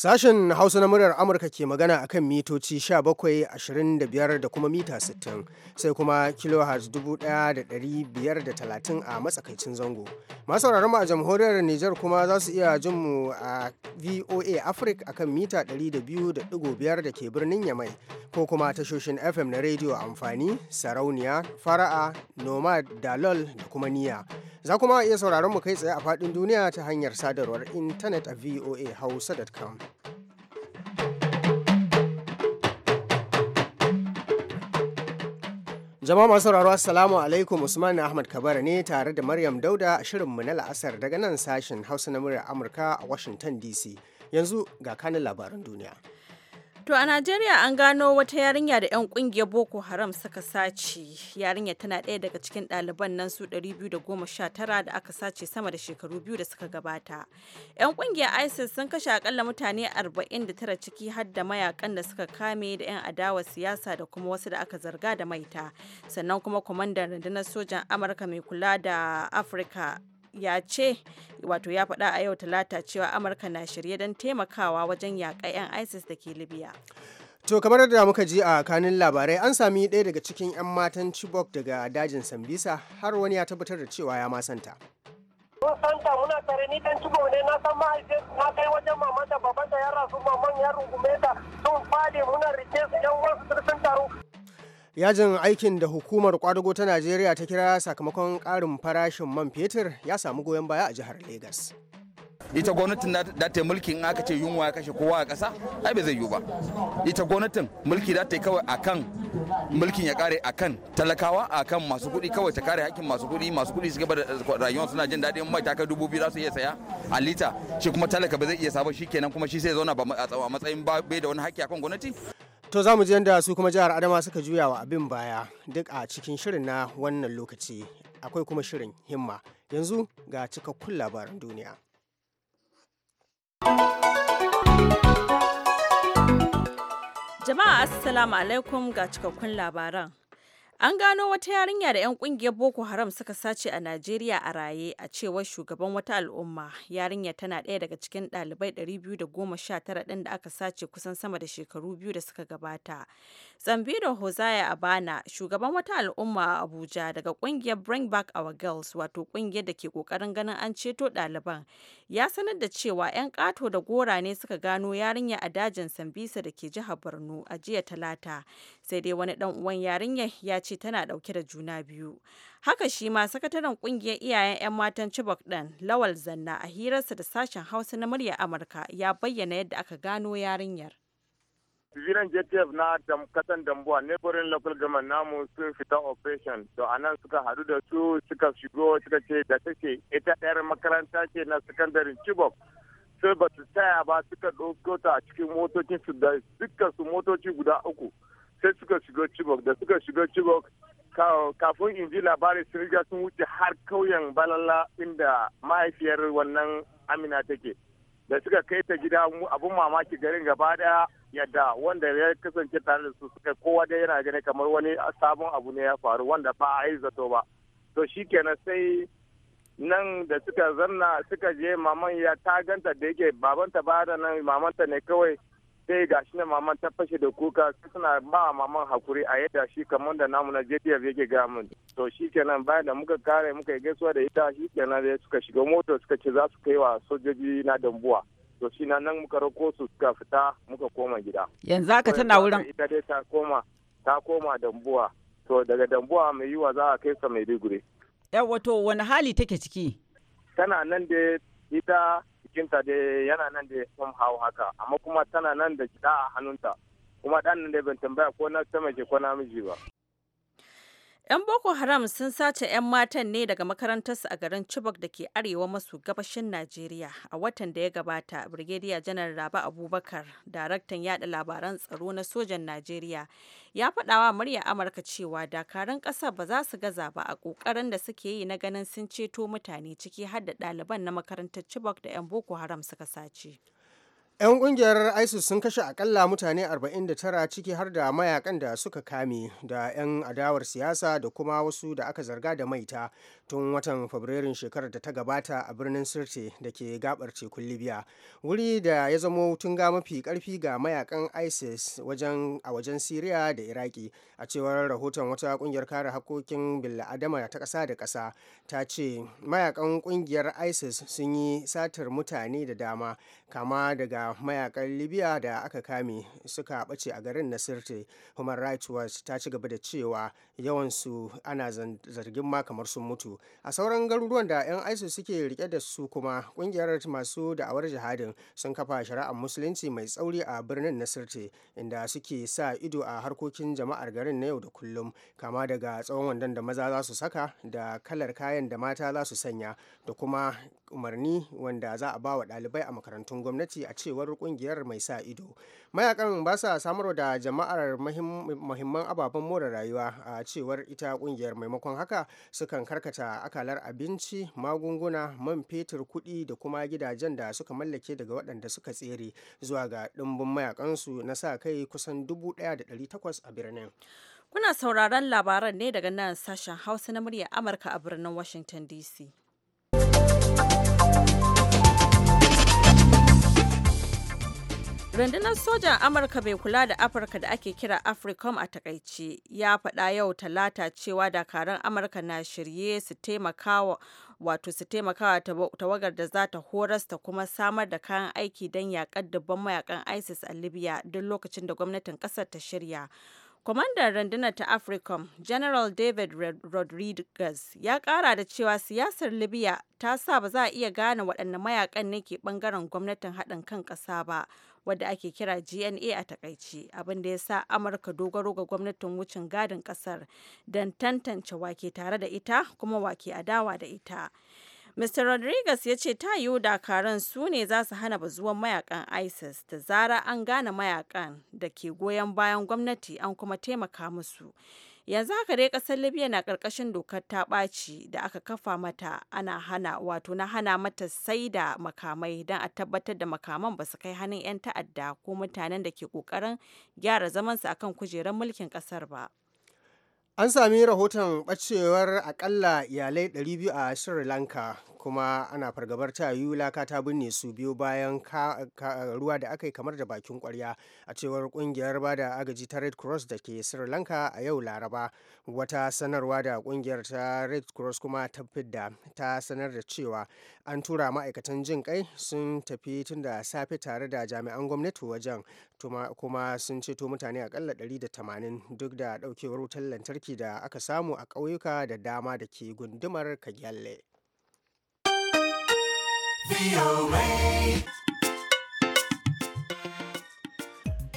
Sashen Hausa na muryar Amurka ke magana a kan mitoci 17,25 da kuma mita 60 sai kuma kilohertz 1,530 a matsakaicin zango. Masu mu a jamhuriyar Nijar kuma za su iya jin mu a VOA Africa a kan mita 200.5 da ke birnin Yamai ko kuma tashoshin FM na rediyo amfani, sarauniya, fara'a, nomad, dalol da kuma niya. Za kuma iya sauraron mu kai tsaye a faɗin duniya ta hanyar sadarwar intanet a VOA voahausa.com. Jama'a masu sauraro Assalamu alaikum Usman Ahmad Kabara ne tare da Maryam Dauda shirin mu na la'asar daga nan sashen Hausa na muryar Amurka a Washington DC. Yanzu ga kanin labaran duniya. To a Najeriya an gano wata yarinya da 'yan kungiyar Boko Haram suka sace. Yarinya tana ɗaya daga cikin ɗaliban nan su 219 da aka sace sama da shekaru biyu da suka gabata. 'Yan kungiyar ISIS sun kashe akalla mutane 49 ciki har da mayakan da suka kame da 'yan adawa siyasa da kuma wasu da aka zarga da maita. Sannan kuma kwamandan rundunar sojan Amurka mai kula da Afirka ya ce wato ya faɗa a yau talata cewa amurka na shirye don taimakawa wajen yaƙa 'yan isis da ke libya To kamar da muka ji a kanin labarai an sami ɗaya daga cikin 'yan matan Chibok daga dajin Sambisa har wani ya tabbatar da cewa ya masanta. santa muna tare ni dan Chibok ne na san mahaifiyar na kai wajen maman da da ya rasu maman ya rungume ta sun fade muna rike su yan wasu sun taru yajin aikin da hukumar kwadago ta najeriya ta kira sakamakon karin farashin man fetur ya samu goyon baya a jihar Legas. ita gwamnatin da ta yi mulkin aka ce yunwa ya kashe kowa a ƙasa ai bai zai yiwu ba ita gwamnatin mulki da ta yi kawai akan mulkin ya kare akan talakawa akan masu kuɗi kawai ta kare hakkin masu kuɗi masu kuɗi su gaba da rayuwar suna jin daɗin mai ta kai dubu biyu za su iya saya a lita shi kuma talaka ba zai iya sabo shi kenan kuma shi sai zauna a matsayin bai da wani hakki akan gwamnati To za mu ji yadda su kuma jihar Adama suka juya wa abin baya duk a cikin shirin na wannan lokaci akwai kuma shirin himma yanzu ga cikakkun labaran duniya. Jama'a Assalamu alaikum ga cikakkun labaran. An gano wata yarinya da 'yan kungiyar Boko Haram suka sace a Najeriya a raye a cewar shugaban wata al'umma. Yarinya tana ɗaya daga cikin ɗalibai 219 ɗin da aka sace kusan sama da shekaru biyu da suka gabata. Tsambido Hosea Abana, shugaban wata al'umma a Abuja daga kungiyar Bring Back Our Girls, wato kungiyar da ke kokarin ganin an ceto ɗaliban, ya sanar da cewa 'yan ƙato da gora ne suka gano yarinya a dajin Sambisa da ke jihar Borno a jiya Talata, sai dai wani ɗan uwan yarinya ya ce tana ɗauke da juna biyu. Haka shi ma sakataren kungiyar iyayen 'yan matan Chibok ɗin, Lawal Zanna a hirarsa da sashen Hausa na murya Amurka ya bayyana yadda aka gano yarinyar. Civilian JTF na kasan Dambuwa, neighboring local government namu sun fita operation. To a nan suka hadu da su suka shigo suka ce da take ita ɗayar makaranta ce na sakandarin Chibok. Sai ba su taya ba suka ɗauko ta a cikin motocin su da suka su motoci guda uku. Sai suka shigo Chibok da suka shigo Chibok kafin in ji labarin sun riga sun wuce har kauyen balala inda mahaifiyar wannan amina take da suka kai ta gida abun mamaki garin gaba daya yadda wanda ya kasance tare da su suka kowa dai yana gani kamar wani sabon abu ne ya faru wanda ba a yi zato ba to shikenan sai nan da suka zanna suka je maman ya ta ganta da yake babanta ba da nan mamanta ne kawai sai ga shi ne maman ta fashe da kuka suna ba maman hakuri a yadda shi kamar da namu na JTF yake gaya mun to shikenan bayan da muka kare muka yi gaisuwa da ita shikenan da suka shiga moto suka ce za su kai wa sojoji na dambuwa to shi na nan muka rako su suka fita muka koma gida yanzu haka tana wurin ita dai ta koma ta koma dambuwa to daga dambuwa mai yiwa za a kai sa maiduguri ya wato wani hali take ciki tana nan da ita jikinta da yana nan da hau haka amma kuma tana nan da gida a hannunta kuma dan nan da ban tambaya ko na ta mace ko namiji ba 'Yan Boko Haram sun sace 'yan matan ne daga makarantarsu a garin Chibok da ke arewa maso gabashin Najeriya a watan da ya gabata. Brigadier Janar Rabi Abubakar, daraktan yada labaran tsaro na sojan Najeriya, ya faɗawa murya Amurka cewa dakarun ƙasar ba za su gaza ba a ƙoƙarin da suke yi na ganin sun ceto mutane ciki har da ɗaliban na makarantar Chibok da 'yan Boko Haram suka sace. 'Yan kungiyar ISIS sun kashe akalla mutane 49 ciki har da mayakan da suka kame da 'yan adawar siyasa da kuma wasu da aka zarga da maita tun watan Fabrairun shekarar da ta gabata a birnin Sirte da ke gabar tekun Libya. Wuri da ya zamo tunga mafi karfi ga mayakan ISIS wajen a wajen Siriya da Iraki a cewar rahoton wata kungiyar kare hakokin bil'adama ta ƙasa da ƙasa ta ce mayakan kungiyar ISIS sun yi satar mutane da dama kama daga mayakan libya da aka kame suka ɓace a garin na nasirte human rights watch ta ci gaba da cewa yawansu ana zargin ma kamar sun mutu a sauran garuruwan da 'yan isis suke rike da su kuma kungiyar masu da'awar jihadin sun kafa shari'ar musulunci mai tsauri a birnin na nasirte inda suke sa ido a harkokin jama'ar garin na yau da kullum kama daga tsawon wandon da maza za su saka da kalar kayan da mata za su sanya da kuma umarni wanda za a ba wa ɗalibai a makarantun gwamnati a cewar kungiyar mai sa ido mayakan ba sa samar da jama'ar mahimman ababen more rayuwa a cewar ita kungiyar maimakon haka sukan karkata akalar abinci magunguna man fetur kuɗi da kuma gidajen da suka mallake daga waɗanda suka tsere zuwa ga ɗimbin mayakansu na sa kai kusan dubu da ɗaya ɗari takwas a birnin Kuna sauraron labaran ne daga nan sashen Hausa na muryar Amurka a birnin Washington DC. Rundunar sojan Amurka bai kula da Afirka da ake kira AFRICOM a takaice ya faɗa yau talata cewa dakaran Amurka na shirye su taimakawa wato su taimakawa tawagar da za ta horas ta kuma samar da kayan aiki don yaƙar dubban mayakan ISIS a Libya duk lokacin da gwamnatin ƙasar ta shirya. Kwamandan rundunar ta AFRICOM, General David Rodriguez, ya kara da cewa siyasar Libya ta sa ba za a iya gane waɗanne mayakan ne ke ɓangaren gwamnatin haɗin kan ƙasa ba, wadda ake kira gna a takaice abin da ya sa amurka dogaro ga gwamnatin wucin gadin kasar don tantance wake tare da ita kuma wake adawa da ita Mr. Rodriguez ya ce ta yiwu dakaran su ne za su hana bazuwan mayakan ISIS da zara an gane mayakan da ke goyon bayan gwamnati an kuma taimaka musu. yanzu haka dai kasar libya na karkashin dokar ta ɓaci da aka kafa mata ana hana wato na hana mata sai da makamai don a tabbatar da makaman ba su kai hannun 'yan ta'adda ko mutanen da ke ƙoƙarin gyara zamansu kan kujerar mulkin kasar ba an sami rahoton ɓacewar akalla iyalai 200 a sri lanka kuma ana fargabar ta yiwu laka ta binne su biyu bayan ruwa da aka yi kamar da bakin kwarya a cewar kungiyar bada agaji ta red cross da ke sri lanka a yau laraba wata sanarwa da kungiyar ta red cross kuma ta fidda ta sanar da cewa an tura ma'aikatan jin kai sun tafi tun da safe tare da jami'an gwamnati wajen kuma sun ceto mutane akalla 180 duk da daukewar wutar lantarki da aka samu a ƙauyuka da dama da ke gundumar kagyalle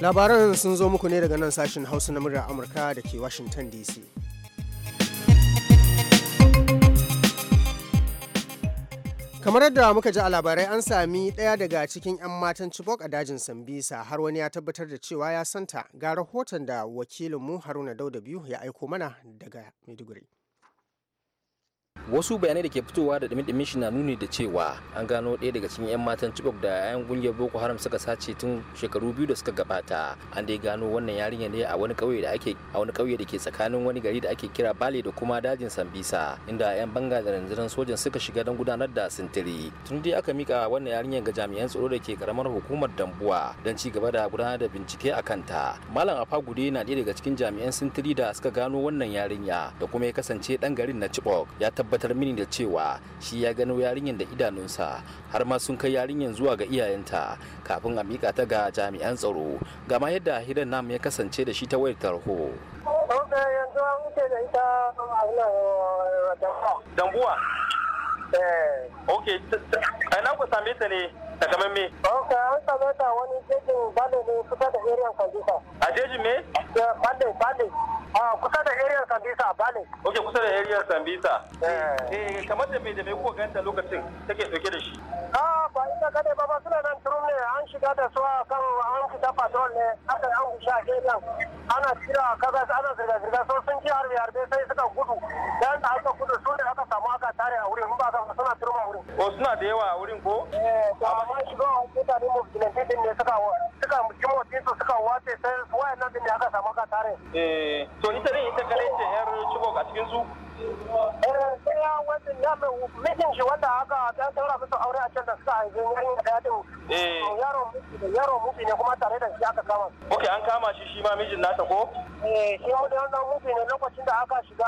Labaran sun zo muku ne daga nan sashen Hausa na muryar Amurka da ke Washington DC. kamar yadda muka ji a labarai an sami ɗaya daga cikin 'yan matan chibok a dajin sambisa har wani ya tabbatar da cewa ya santa ga rahoton da wakilinmu haruna dauda biyu ya aiko mana daga maiduguri wasu bayanai da ke fitowa da dumi shi na nuni da cewa an gano ɗaya daga cikin 'yan matan cibok da 'yan gungiyar boko haram suka sace tun shekaru biyu da suka gabata an dai gano wannan yarinya ne a wani ƙauye da ake a wani ƙauye da ke tsakanin wani gari da ake kira bale da kuma dajin sambisa inda 'yan banga da rundunar sojan suka shiga don gudanar da sintiri tun dai aka mika wannan yarinya ga jami'an tsaro da ke karamar hukumar dambuwa don ci gaba da gudanar da bincike a kanta malam afagude na ɗaya daga cikin jami'an sintiri da suka gano wannan yarinya da kuma ya kasance ɗan garin na cibok ya tabbata tabbatar mini da cewa shi ya gano yarinyar da idanunsa har ma sun kai yarinyar zuwa ga iyayenta kafin a mika ta ga jami'an tsaro gama yadda hidan nam ya kasance da shi ta wayar tarho. dambuwa. eh ok, ku same ta ne da kamar me? Ok, an same ta wani jejin bale ne kusa da area Kandisa. A jejin me? Eh, bale, bale. Ah, kusa da area Kandisa, bale. Ok, kusa da area Kandisa. Eh. Eh, eh, kamar da me da me kuka ganta lokacin take dauke da shi? Ah, ba ita kade ba ba suna nan turum ne an shiga da su a kan an fita patrol ne aka an a area ana tira kaga ana zirga zirga so sun ji harbe harbe sai suka gudu dan da aka gudu su ne aka samu aka tare a wurin ba ka suna turma a wurin. O oh, suna da yawa a wurin ko? Eh, amma shiga wa mutane mubinanci din ne suka suka jimotin su suka wace sai wayannan din ne aka samu ka tare. eh to ita ne ita kare ce yar chibok a cikin su. ya mijin shi wanda aka dan saura su aure a can da suka haifi yan daya din yaron yaron mufi ne kuma tare da shi aka kama Ok an kama shi shi ma mijin nata ko eh shi mu da wannan mufi ne lokacin da aka shiga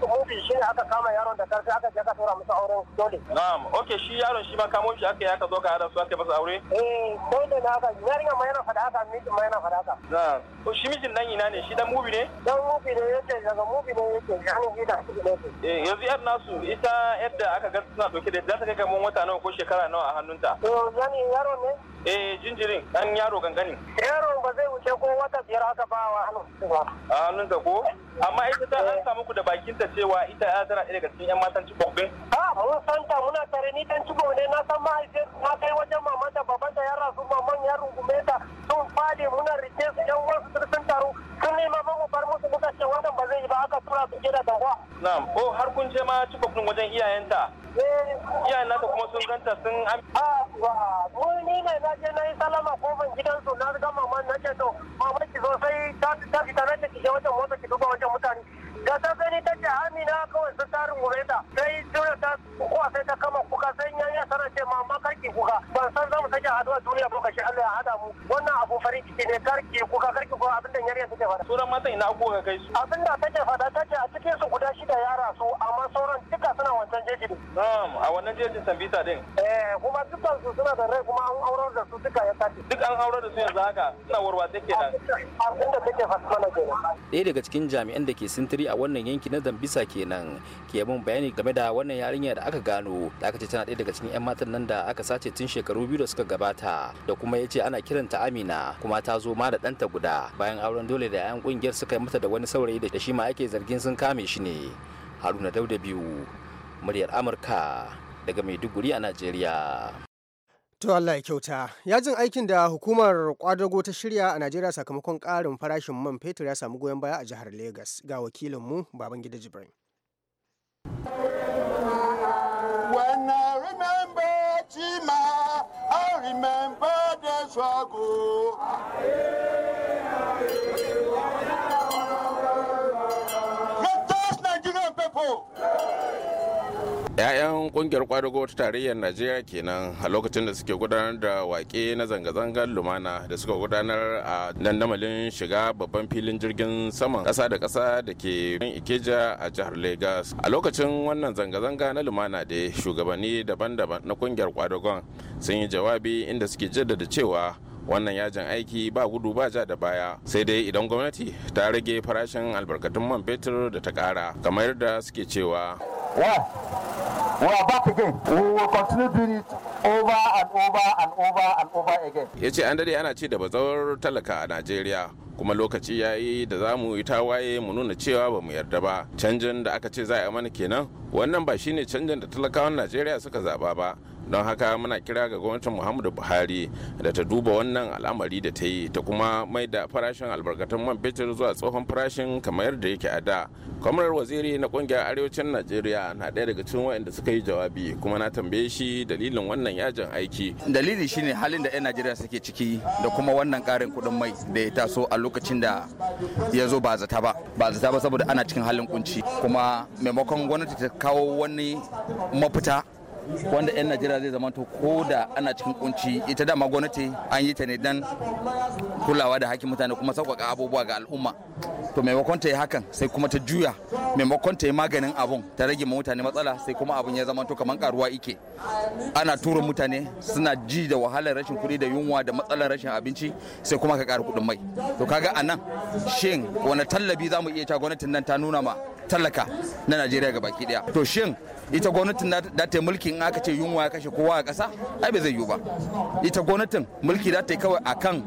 mufi shi ne aka kama yaron da karfi aka je aka saura musu auren dole na'am okay shi yaron shi ma kamo shi aka yi aka zo ka hada su aka masa aure eh dole ne haka yarinya ma yana fada haka mijin ma yana fada haka na'am shi mijin nan ina ne shi dan mufi ne dan mufi ne yake daga mufi ne yake Eh, yanzu yar nasu ita yadda aka ga suna dauke da za ta kai kamar wata nawa ko shekara nawa a hannunta yani yaro ne eh jinjirin dan yaro gangani yaro ba zai wuce ko wata biyar aka ba wa hannunta a hannunta ko amma ita ta an samu ku da bakinta cewa ita ya tana daga cikin yan matan cikin din a mun san ta muna tare ni dan cikin ne na san mahaifiyar na kai wajen mama da baban da yara su maman ya rungume ta sun fadi muna rike su yan wasu sun taru sun nema mu bar musu muka ce wannan ba zai yi ba aka tura su gida da baba. Na'am. har kun je ma Chibok din wajen iyayenta. Eh. Iyayen nata kuma sun ganta sun am. Ah ni ne na je na yi salama kofan gidansu na ga na ce to mama ki zo sai ta ta na ta wajen mota ki duba wajen mutane. Ga ta sai ni ta ce Amina kawai sun Sai ta kuwa sai ta kama kuka sai ce mama karki kuka. Ban san sake haduwa duniya ba kashi Allah ya hada mu. Wannan abu farin ciki ne karki kuka karki kuka abin da yarinya take fada. Suran matan ina kai su. Abin da take fada ta cikin su guda shida ya rasu amma sauran duka suna wancan jeji ne Na'am, a wannan din. Eh, kuma dukkan suna da rai kuma an aurar da su duka ya Duk an aurar da su yanzu haka suna warwatse kenan. cikin da take fasfana kenan. Ɗaya daga cikin jami'an da ke sintiri a wannan yanki na Zambisa kenan ke mun bayani game da wannan yarinya da aka gano da aka ce tana ɗaya daga cikin 'yan matan nan da aka sace tun shekaru biyu da suka gabata da kuma ya ce ana kiranta Amina kuma ta zo ma da ɗanta guda bayan auren dole da 'yan ƙungiyar suka yi mata da wani saurayi da shi ma ake zargin sun kame shi ne. Haruna Dauda biyu muryar amurka daga maiduguri a nigeria. To Allah ya kyauta. Yajin aikin da hukumar kwadago ta shirya a nigeria sakamakon ƙarin farashin man fetur ya samu goyon baya a jihar Legas ga wakilinmu Babangida Jibrin. 'ya'yan kungiyar kwadago ta tarayyar najeriya kenan a lokacin da suke gudanar da wake na zanga-zangar lumana da suka gudanar a dandamalin shiga babban filin jirgin saman kasa da kasa da ke ikeja a jihar lagos a lokacin wannan zanga-zanga na lumana da shugabanni daban-daban na kungiyar kwadagon sun yi jawabi inda suke jaddada cewa wannan yajin aiki ba gudu ba ja da baya sai dai idan gwamnati ta rage farashin albarkatun man fetur da ta kara kamar da suke cewa we Ya ce an dade ana ce da bazawar talaka a Najeriya. kuma lokaci ya yi da za mu yi tawaye mu nuna cewa ba mu yarda ba canjin da aka ce za a mana kenan wannan ba shine canjin da talakawan najeriya suka zaba ba don haka muna kira ga gwamnatin muhammadu buhari da ta duba wannan al'amari da ta yi ta kuma mai da farashin albarkatun man fetur zuwa tsohon farashin kamar da yake a da kwamrar waziri na kungiyar arewacin najeriya na ɗaya daga cikin da suka yi jawabi kuma na tambaye shi dalilin wannan yajin aiki dalili shine halin da 'yan najeriya suke ciki da kuma wannan ƙarin kuɗin mai da ya taso a lokacin da ya zo ba zata ba ba zata ba saboda ana cikin halin kunci kuma maimakon gwamnati ta kawo wani mafita wanda 'yan najeriya zai zama ko da ana cikin kunci ita dama gwamnati an yi ta ne dan kulawa da hakkin mutane kuma sauƙaƙa abubuwa ga al'umma to maimakon ta yi hakan sai kuma ta juya maimakon ta yi maganin abun ta rage ma mutane matsala sai kuma abun ya zama to kamar karuwa ike ana tura mutane suna ji da wahalar rashin kuɗi da yunwa da matsalar rashin abinci sai kuma ka ƙara kuɗin mai to kaga anan shin wani tallabi za mu iya ta gwamnatin nan ta nuna ma talaka na najeriya ga baki daya to shin ita gwamnatin da ta yi mulki in aka ce yunwa ya kashe kowa a ƙasa ai bai zai yiwu ba ita gwamnatin mulki za ta yi kawai akan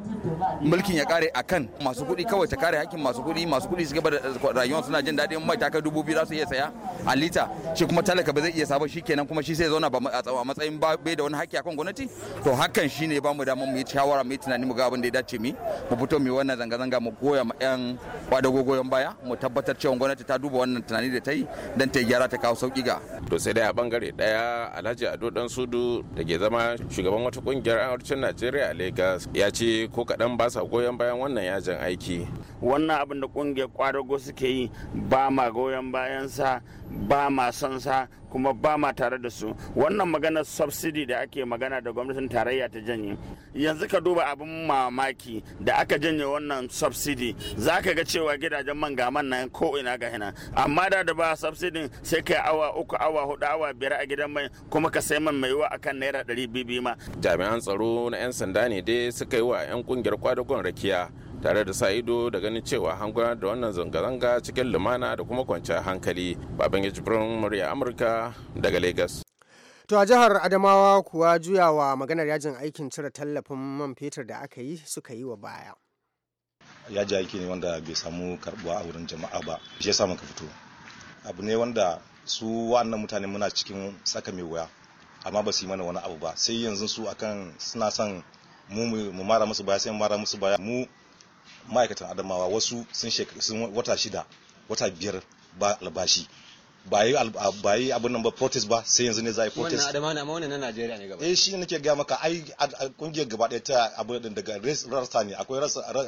mulkin ya kare akan masu kuɗi kawai ta kare hakkin masu kuɗi masu kuɗi su gaba da rayuwar suna jin daɗin mai taka dubu biyu za su iya saya a lita shi kuma talaka ba zai iya sabo shi kenan kuma shi sai zauna a matsayin ba bai da wani hakki akan gwamnati to hakan shi ne ba mu damar mu yi shawara mu yi tunani mu ga abin da ya dace mu mu fito mu yi wannan zanga-zanga mu goya ma 'yan kwadago goyon baya mu tabbatar cewa gwamnati ta duba wannan tunani da ta yi don ta gyara ta kawo sauki ga. To sai dai a bangare daya Alhaji Ado Dan Sudu da ke zama shugaban wata kungiyar arewacin Najeriya a Lagos ya ce ko kaɗan ba sa goyon bayan wannan yajin aiki. Wannan abin da kungiyar kwadago suke yi ba ma goyon bayan sa ba ma son sa kuma ba ma tare da su wannan maganar subsidy da ake magana da gwamnatin tarayya ta janye yanzu ka duba abin mamaki da aka janye wannan subsidy za ka ga cewa gidajen man gaman nan ko ina ga hina amma da da ba subsidy sai kai awa uku awa hudu awa biyar a gidan mai kuma ka sai man mai yiwa akan naira ɗari ma jami'an tsaro na 'yan sanda ne dai suka yi wa 'yan kungiyar kwadagon rakiya tare da sa ido da ganin cewa an gudanar da wannan zanga-zanga cikin lumana da kuma kwanciyar hankali baban ya jibrin murya amurka daga lagos to a jihar adamawa kuwa juyawa maganar yajin aikin cire tallafin man fetur da aka yi suka yi wa baya yaji aiki ne wanda bai samu karbuwa a wurin jama'a ba shi ya ka fito abu ne wanda su wannan mutane muna cikin saka mai wuya amma ba su yi mana wani abu ba sai yanzu su akan suna son mu mara musu baya sai mara musu baya mu ma'aikatan adamawa wasu sun sun wata shida wata biyar ba albashi ba yi abin nan ba protest ba sai yanzu ne za a yi protest wannan adama amma wannan na Najeriya ne gaba eh shi nake ga maka ai kungiyar gaba ɗaya ta abu da daga rasta ne akwai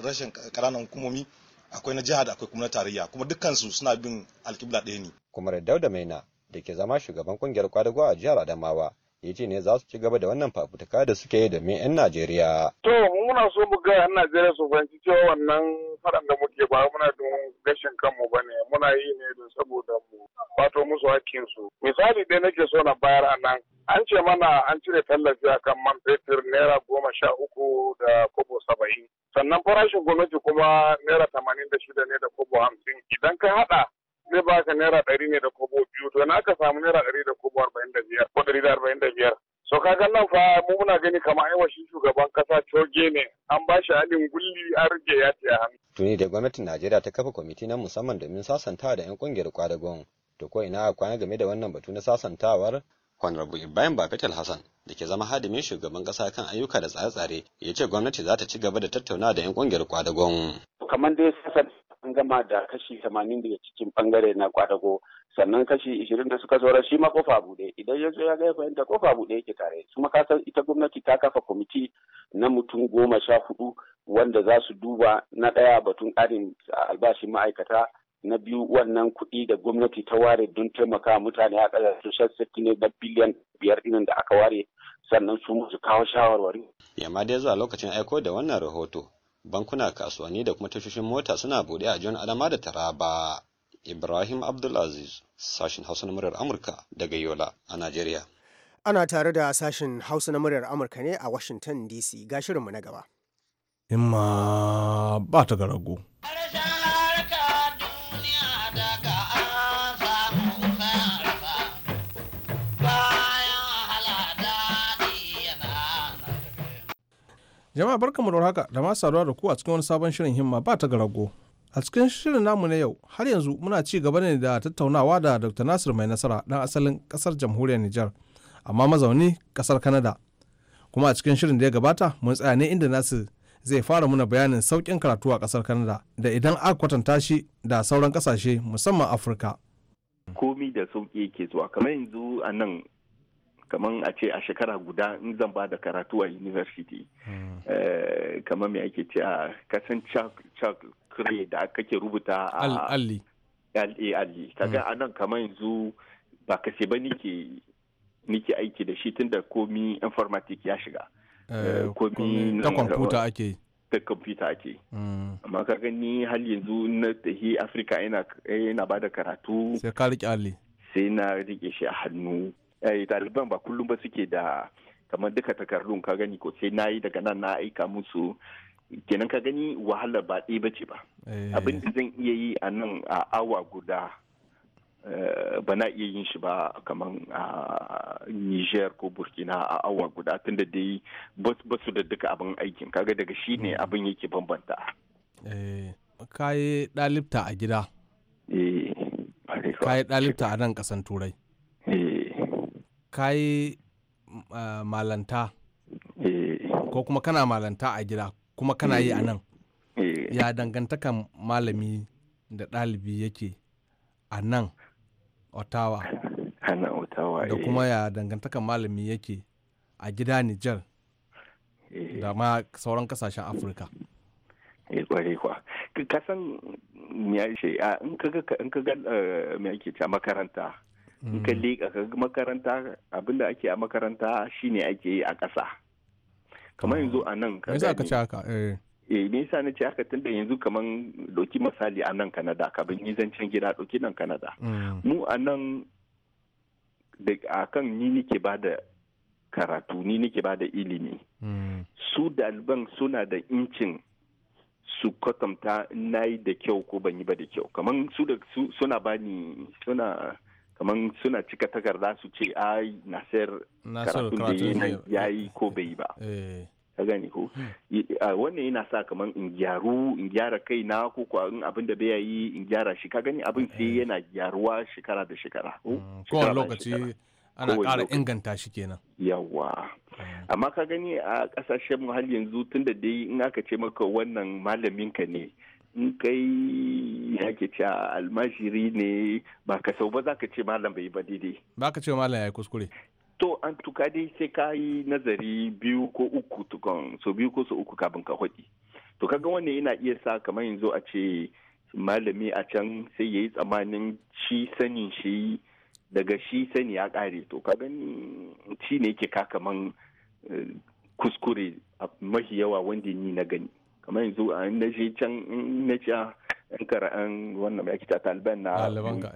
rashin ƙananan hukumomi akwai na jihar da akwai kuma na tarayya kuma dukkansu suna bin alkibla ɗaya ne kuma da Dauda Maina da ke zama shugaban kungiyar kwadago a jihar Adamawa ya ce ne za su ci gaba da wannan fafutuka da suke yi domin 'yan Najeriya. To, muna so mu ga 'yan Najeriya su fahimci cewa wannan faɗan da muke ba muna don gashin kanmu ba ne, muna yi ne don saboda mu bato musu hakkinsu. Misali dai nake so na bayar a nan, an ce mana an cire tallafi a kan man fetur naira goma sha uku da kobo saba'in. Sannan farashin gwamnati kuma naira tamanin da shida ne da kobo hamsin. Idan ka haɗa zai baka naira ɗari ne da kobo biyu to na ka samu naira ɗari da kobo arba'in da biyar ko ɗari da arba'in da biyar. So ga nan fa mu muna gani kamar aiwa shi shugaban kasa coge ne an ba shi alin gulli an ya ce a hannu. Tuni da gwamnatin Najeriya ta kafa kwamiti na musamman domin sasantawa da 'yan kungiyar kwadagon. To ko ina a kwana game da wannan batu na sasantawar Honorable Ibrahim bafetel Hassan da ke zama hadimin shugaban kasa kan ayyuka da tsare-tsare ya ce gwamnati za ta ci gaba da tattauna da 'yan kungiyar kwadagon. Kamar dai an gama da kashi tamanin daga cikin bangare na kwadago sannan kashi ishirin da suka saura shi ma kofa buɗe idan ya zo ya ga ya fahimta kofa bude yake tare Su ka san ita gwamnati ta kafa kwamiti na mutum goma sha hudu wanda za su duba na ɗaya batun ƙarin albashin ma'aikata na biyu wannan kuɗi da gwamnati ta ware don taimaka mutane a ƙasar social safety ne na biliyan biyar ɗinin da aka ware sannan su musu kawo shawarwari. yamma dai zuwa lokacin aiko da wannan rahoto bankuna kasuwanni da kuma tashoshin mota suna buɗe a John Adama da Taraba. Ibrahim Abdulaziz, sashen Hausa na muryar Amurka daga Yola a Najeriya. Ana tare da sashen Hausa na muryar Amurka ne a Washington DC ga shirinmu na gaba. ma ba ta garago. jama'a barkamu da haka da masu saduwa da ku a cikin wani sabon shirin himma ba ta garago a cikin shirin namu na yau har yanzu muna ci gaba ne da tattaunawa da dr nasir mai nasara dan asalin kasar jamhuriyar nijar amma mazauni kasar kanada kuma a cikin shirin da ya gabata mun tsaya ne inda nasir zai fara muna bayanin sauƙin karatu a kasar kanada da idan aka kwatanta shi da sauran kasashe musamman afirka komi da sauƙi yake zuwa kamar yanzu a nan kamar a ce a shekara guda in zan ba da karatu a university hmm. eh, kamar me ake ce a kasan chuck da kake rubuta a alli eh, alli kaga hmm. a kamar yanzu ba kase ba nike nike aiki da shi da komi informatic ya shiga eh, komi ta kwamfuta ake ta kwamfuta ake amma ka gani hal yanzu na tahi afirka yana ba da karatu sai ka riƙe alli sai na rike shi a hannu Eh, ɗaliban ba kullum ba suke da kamar duka takardun ka gani ko sai na yi daga nan na aika musu kenan ka gani wahala ba ɗaya ba ce ba eh. abin da zan iya yi a nan a awa guda eh, ba na iya yin shi ba kamar a niger ko burkina a awa guda tun da dai ba su da duka abin aikin kaga daga shi ne mm. abin yake bambanta kayi ɗalibta a gida kayi ɗalibta a nan ƙasan turai kayi uh, eh, malanta eh. ko kuma kana malanta a gida kuma kana yi a eh. nan ya dangantaka malami da ɗalibi yake a nan ottawa da kuma ya dangantaka malami yake a gida nijar da ma sauran kasashen afirka ka san ya ce in ka ga ake makaranta in ka mm. leƙa ka makaranta abinda ake a makaranta shine ake yi a ƙasa kamar ah. yanzu a nan ka aka ce haka eh. eh me yasa na ce haka tunda yanzu kamar doki misali a nan Kanada ka bin nizancin gida doki nan Kanada mm. mu a nan da akan ni nake ba da karatu ni nake ba da ilimi mm. su ɗaliban suna da incin su kwatanta na yi da kyau ko ban yi ba da kyau kamar su da suna bani suna kamar suna cika takarda su ce ai nasir karatun da ya yi ko bai yi ba eh. ka gani ko hmm. wannan yana sa kamar in gyaru in gyara kai na ko kuwa in abin da bai yi in gyara shi ka gani abin sai eh. yana gyaruwa shekara da shekara hmm. kowane lokaci ana ƙara inganta shi kenan yawa hmm. amma ka gani a ƙasashen muhalli yanzu tun da dai in aka ce maka wannan malamin ka ne in kai ke ce ah, almajiri ne ba ka sau ba za ka ce malam bai ba daidai ba ka ce malam ya yi kuskure to an tuka dai sai ka yi nazari biyu ko uku tukun so biyu ko so uku kafin ka hudi to kaga wannan yana iya sa kamar yanzu a ce malami a can sai ya yi tsamanin shi sanin shi daga shi sani ya kare to ka gani shi ne yake ka kaman eh, kuskure mahi yawa wanda ni na gani kamar yanzu a ah, na je can na ja ah, yan kara'an wannan mai kita taliban na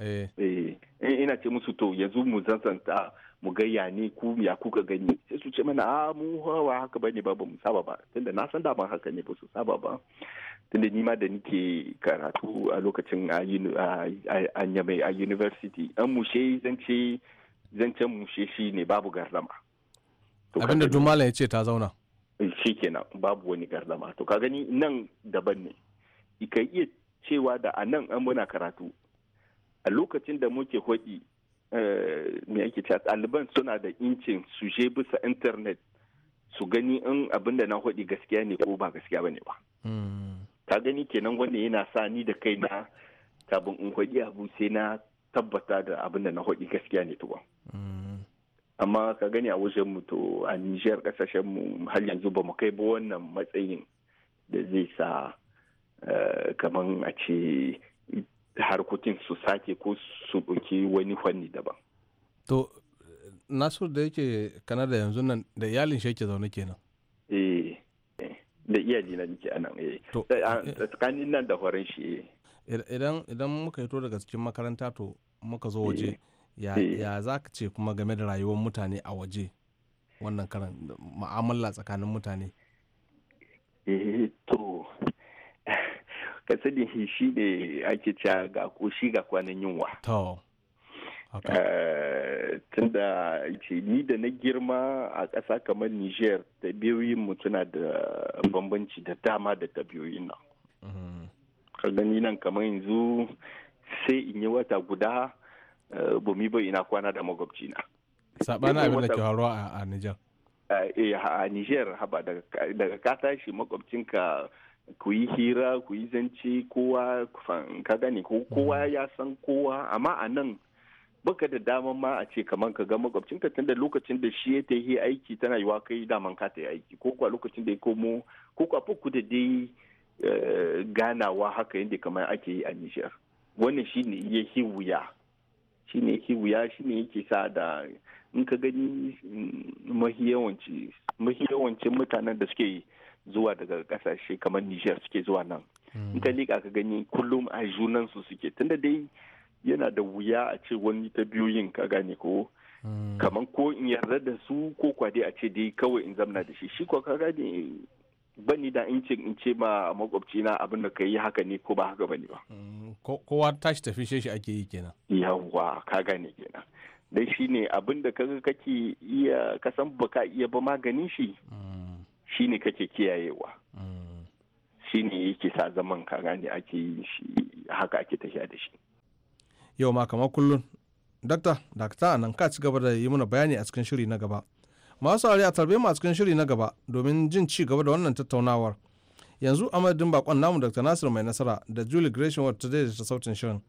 eh. Eh, eh, ina ce musu to yanzu mu zanzanta mu gayya ne ku ya kuka gani sai su ce mana a ah, mu hawa haka bane ba ba mu saba ba tunda na san daban haka ne ba su saba ba tunda ni ma da nike karatu a lokacin a a university an mushe zance zancen mushe shi ne babu garrama abinda dumala ya ce ta zauna shi kenan babu wani gardama to ka gani nan daban ne ka iya cewa da a nan an muna karatu a lokacin da muke hoɗi eh, mai ake ta ɗaliban suna da incin su je bisa intanet su gani in abin da na hoɗi gaskiya ne ko ba gaskiya ba ne ba hmm. ka gani kenan wanda yana sa ni da kai na kabin in hoɗi abu sai na tabbata da abin da na hoɗi gaskiya ne ba. Hmm. amma ka gani a wajen mu to a Nijar kasashen mu har yanzu ba mu kai ba wannan matsayin da zai sa eh, kamar a ce harkokin su sake ko su ɗauki wani fanni daban. To Nasiru da yake Kanada yanzu nan da iyalin shi yake zaune kenan. Eh, eh da iyali na nake anan eh. eh. Tsakanin nan da horon shi eh. Idan muka hito daga cikin makaranta to muka zo waje. Eh. ya za ka ce kuma game da rayuwar mutane a waje wannan karan ma'amala tsakanin mutane eh to ka shi ne ake cewa ga koshi ga kwanan yunwa to eh, tunda ce ni da na girma a ƙasa kamar niger tabiyoyin mu tuna da bambanci da dama da tabiyoyin nan mm-hmm. ka gani nan kamar yanzu sai in yi wata guda Eh, bumi bai ina kwana da makwabci na abin da ke a Nijar a Nijar eh, eh, haba daga ka tashi makwabcinka ku yi hira ku yi zance kowa ka kowa mm-hmm. ya san kowa amma a nan baka da dama ma a ce kaman ka ga makwabcinka tunda lokacin da shi ta yi aiki tana yiwa kai daman ka ta yi aiki ko kuwa lokacin da ya komo ko kuwa ku da dai ganawa haka yadda kamar ake yi a Nijar wannan shi ne ya wuya ne wuya shi shine yake sa da in ka gani mm, mahiyawancin mutanen da suke zuwa daga kasashe kamar Nijar suke zuwa nan. In ka mm. liƙa ka gani kullum a junansu suke tunda dai yana da wuya a ce wani ta biyu yin ka gane ko mm. kamar ko in yarda da su ko kwade a ce dai kawai in zamna da shi shi ko ka gane bani da in ce in ce ma makwabci na abin da ka yi haka ne ko ba haka bane ba mm, kowa tashi tafi shi ake yi kenan yawwa ka gane kenan dai ne abin da kaga kake iya ka san baka iya ba maganin shi mm. shi ne kake kiyayewa mm. ne yake sa zaman ka gane ake yi shi haka ake tafiya da shi yau ma kamar kullum dakta dakta nan ka ci gaba da yi mana bayani a cikin shiri na gaba masu ari a tarbe masu cikin shiri na gaba domin jin ci gaba da wannan tattaunawar yanzu a madadin bakon namu dr nasir mai nasara da julie gresham wata ta ta sautin shirin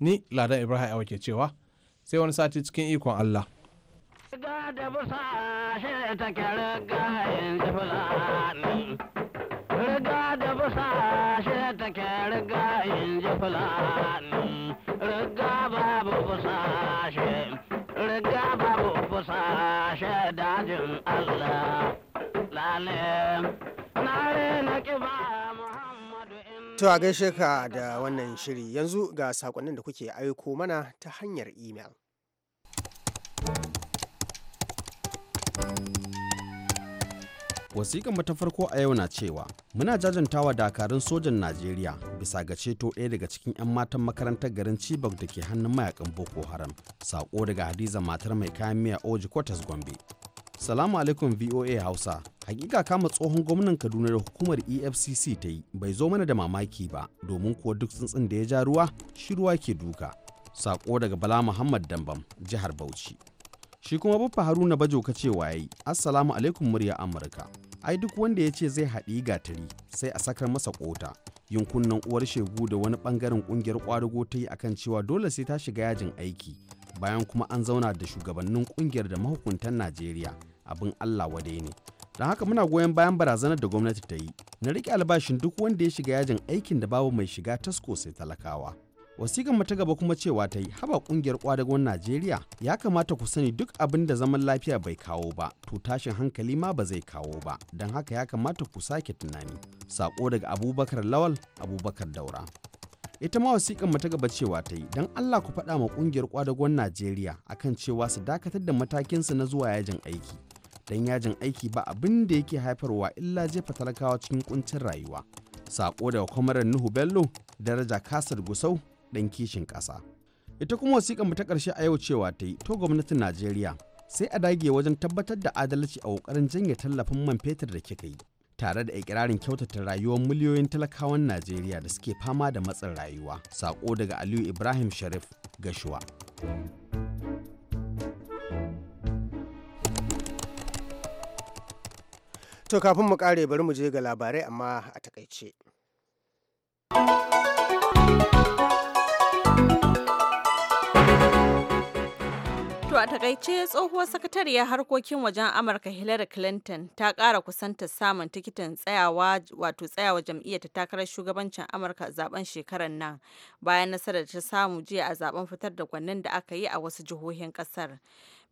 ni ladan ibrahim awa ke cewa sai wani sati cikin ikon allah da ta To a gaishe ka da wannan shiri yanzu ga sakonnin da kuke aiko mana ta hanyar imel. wasiƙan mu ta farko a yau na cewa muna jajantawa dakarun sojan najeriya bisa ga ceto ɗaya daga cikin 'yan matan makarantar garin chibok da ke hannun mayakan boko haram sako daga hadiza matar mai kayan miya oji kwatas gombe Salamu alaikum VOA Hausa. Hakika kama tsohon gwamnan Kaduna da hukumar EFCC ta yi bai zo mana da mamaki ba domin kuwa duk tsuntsun da ya ja ruwa shi ke duka. Sako daga Bala Muhammad Dambam, jihar Bauchi. Shi kuma Baffa Haruna Bajo ka ce waye, Assalamu alaikum murya Amurka. Ai duk wanda ya ce zai haɗi gatari sai a sakar masa ƙota. Yunkunnan uwar shegu da wani ɓangaren ƙungiyar ƙwadago ta yi akan cewa dole sai ta shiga yajin aiki bayan kuma an zauna da shugabannin ƙungiyar da mahukuntan Najeriya abin Allah wadai ne. Don haka muna goyon bayan barazanar da gwamnati ta yi na rike albashin duk wanda ya shiga yajin aikin da babu mai shiga tasko sai talakawa. Wasiƙar mata gaba kuma cewa ta yi haba ƙungiyar ƙwadagon Najeriya ya kamata ku sani duk abin da zaman lafiya bai kawo ba to tashin hankali ma ba zai kawo ba don haka ya kamata ku sake tunani. saƙo daga Abubakar Lawal Abubakar Daura. ita ma wasiƙan mu gaba cewa ta yi don allah ku faɗa ma ƙungiyar kwadagon najeriya akan cewa su dakatar da matakinsu na zuwa yajin aiki don yajin aiki ba abin da yake haifarwa illa jefa talakawa cikin kuncin rayuwa saƙo daga kwamarar nuhu bello daraja kasar gusau ɗan kishin ƙasa ita kuma wasiƙan mu ta ƙarshe a yau cewa ta yi to gwamnatin najeriya sai a dage wajen tabbatar da adalci a ƙoƙarin janye tallafin man fetur da kika yi tare da ikirarin kyautata rayuwar miliyoyin talakawan Najeriya da suke fama da matsin rayuwa. Sako daga Aliyu Ibrahim Sharif Gashuwa. To kafin mu kare bari mu je ga labarai amma a takaice. a takaice tsohuwar sakatariyar harkokin wajen Amurka Hillary Clinton ta kara kusantar samun tikitin tsayawa wato tsayawa jam'iyyar ta takarar shugabancin Amurka a zaben shekarar nan bayan nasarar ta samu jiya a zaben fitar da gwanin da aka yi a wasu jihohin kasar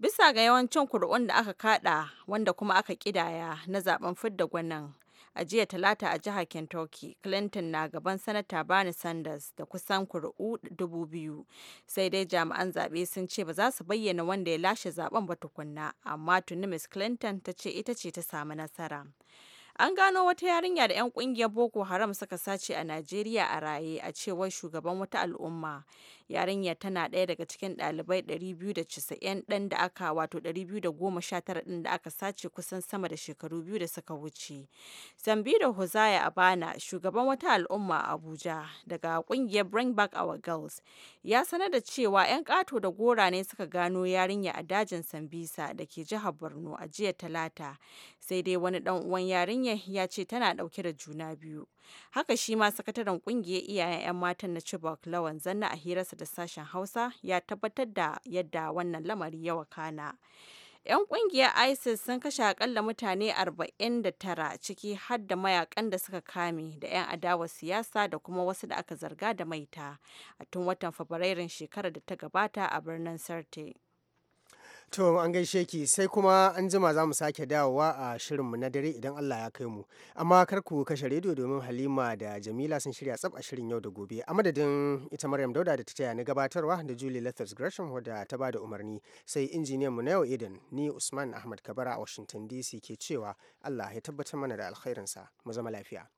Bisa ga yawancin kuri'un da aka kada wanda kuma aka kidaya na zaben fidda gwanin a jiya talata a jihar kentucky clinton na gaban sanata bernie sanders da kusan kuri'u dubu biyu sai dai jami'an zaɓe sun ce ba za su bayyana wanda ya lashe zaben ba tukunna amma tuni miss clinton ta ce ita ce ta samu nasara An gano wata yarinya da 'yan kungiyar Boko Haram suka sace a Najeriya a raye, a cewar shugaban wata al'umma. Yarinyar tana ɗaya daga cikin ɗalibai 290 ɗin da aka wato 219 ɗin da aka sace kusan sama da shekaru biyu da suka wuce. Zambido Hozaya Abana, shugaban wata al'umma a Abuja daga kungiyar Bring Back Our Girls, ya sanar da cewa 'yan ƙato da gora ne suka gano yarinya a dajin Sambisa da ke jihar Borno a jiya Talata. Sai dai wani ɗan uwan yarinya Kenya ya ce tana ɗauke da juna biyu. Haka shi ma sakataren kungiyar iyayen 'yan matan na Chibok Lawan Zanna a hirarsa da sashen Hausa ya tabbatar da yadda wannan lamari ya wakana. 'Yan kungiyar ISIS sun kashe akalla mutane 49 ciki har da mayakan da suka kame da 'yan adawa siyasa da kuma wasu da aka zarga da maita a tun watan Fabrairun shekarar da ta gabata a birnin Sirte. To an gaishe ki sai kuma an jima za mu sake dawowa a shirinmu na dare idan Allah ya kai mu. Amma kar ku kashe rediyo domin Halima da Jamila sun shirya tsab a shirin yau da gobe. A madadin ita Maryam Dauda da ta taya ni gabatarwa da Julie Lathers Gresham wadda ta bada umarni sai injiniyan mu na yau Eden ni Usman Ahmad Kabara a Washington DC ke cewa Allah ya tabbatar mana da alkhairinsa mu zama lafiya.